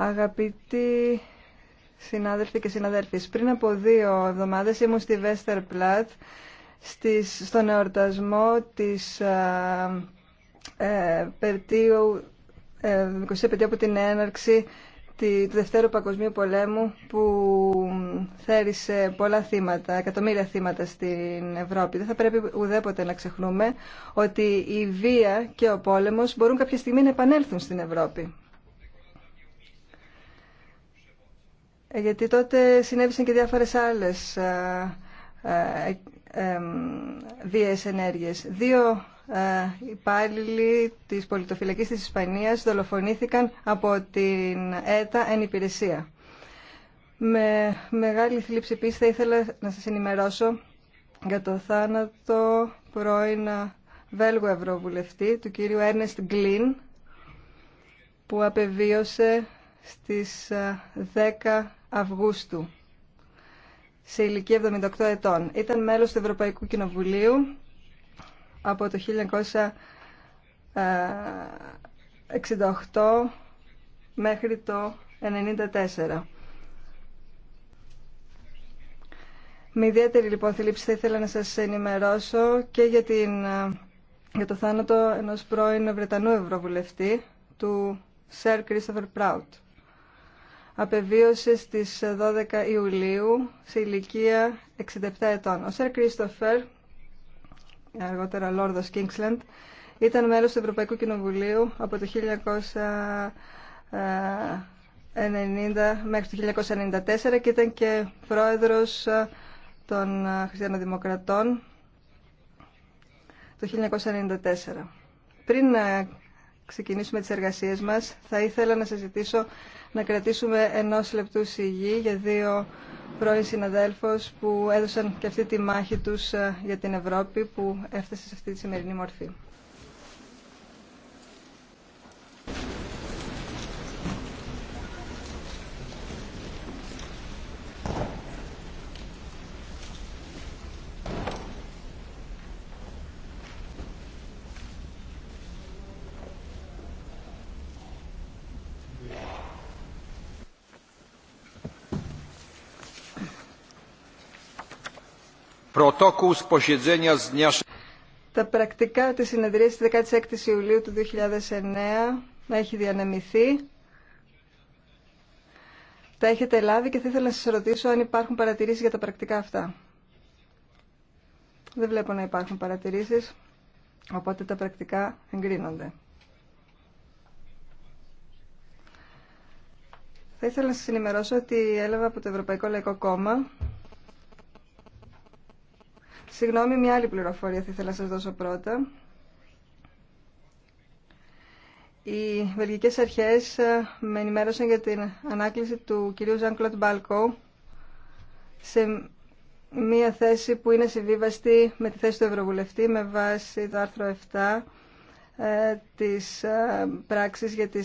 Αγαπητοί συνάδελφοι και συναδέλφοι, πριν από δύο εβδομάδες ήμουν στη Βέστερ Πλατ στον εορτασμό της ε, περτίου, ε, από την έναρξη του Δευτέρου Παγκοσμίου Πολέμου που θέρισε πολλά θύματα, εκατομμύρια θύματα στην Ευρώπη. Δεν θα πρέπει ουδέποτε να ξεχνούμε ότι η βία και ο πόλεμος μπορούν κάποια στιγμή να επανέλθουν στην Ευρώπη. Ε, γιατί τότε συνέβησαν και διάφορες άλλες ε, ε, βίαιες ενέργειες. Δύο υπάλληλοι της πολιτοφυλακής της Ισπανίας δολοφονήθηκαν από την ΕΤΑ εν υπηρεσία. Με μεγάλη θλίψη επίσης θα ήθελα να σας ενημερώσω για το θάνατο πρώην Βέλγου Ευρωβουλευτή του κύριου Έρνεστ Γκλίν που απεβίωσε στις 10 Αυγούστου σε ηλικία 78 ετών. Ήταν μέλος του Ευρωπαϊκού Κοινοβουλίου από το 1968 ε, μέχρι το 1994. Με ιδιαίτερη λοιπόν θλίψη θα ήθελα να σας ενημερώσω και για, την, ε, για το θάνατο ενός πρώην Βρετανού Ευρωβουλευτή, του Σερ Κρίστοφερ Πράουτ απεβίωσε στις 12 Ιουλίου σε ηλικία 67 ετών. Ο Σερ Κρίστοφερ, αργότερα Λόρδος Κίνξλεντ, ήταν μέλος του Ευρωπαϊκού Κοινοβουλίου από το 1990 μέχρι το 1994 και ήταν και πρόεδρος των Χριστιανοδημοκρατών το 1994. Πριν ξεκινήσουμε τις εργασίες μας, θα ήθελα να σας ζητήσω να κρατήσουμε ενός λεπτού συγγύη για δύο πρώην συναδέλφους που έδωσαν και αυτή τη μάχη τους ε, για την Ευρώπη που έφτασε σε αυτή τη σημερινή μορφή. Τα πρακτικά της συνεδρίας της 16ης Ιουλίου του 2009 έχει διανεμηθεί. Τα έχετε λάβει και θα ήθελα να σας ρωτήσω αν υπάρχουν παρατηρήσεις για τα πρακτικά αυτά. Δεν βλέπω να υπάρχουν παρατηρήσεις, οπότε τα πρακτικά εγκρίνονται. Θα ήθελα να σας ενημερώσω ότι έλαβα από το Ευρωπαϊκό Λαϊκό Κόμμα Συγγνώμη, μια άλλη πληροφορία θα ήθελα να σας δώσω πρώτα. Οι βελγικές αρχές ε, με ενημέρωσαν για την ανάκληση του κυρίου Ζαν Κλοντ Μπάλκο σε μια θέση που είναι συμβίβαστη με τη θέση του Ευρωβουλευτή με βάση το άρθρο 7 ε, της ε, πράξης για τη.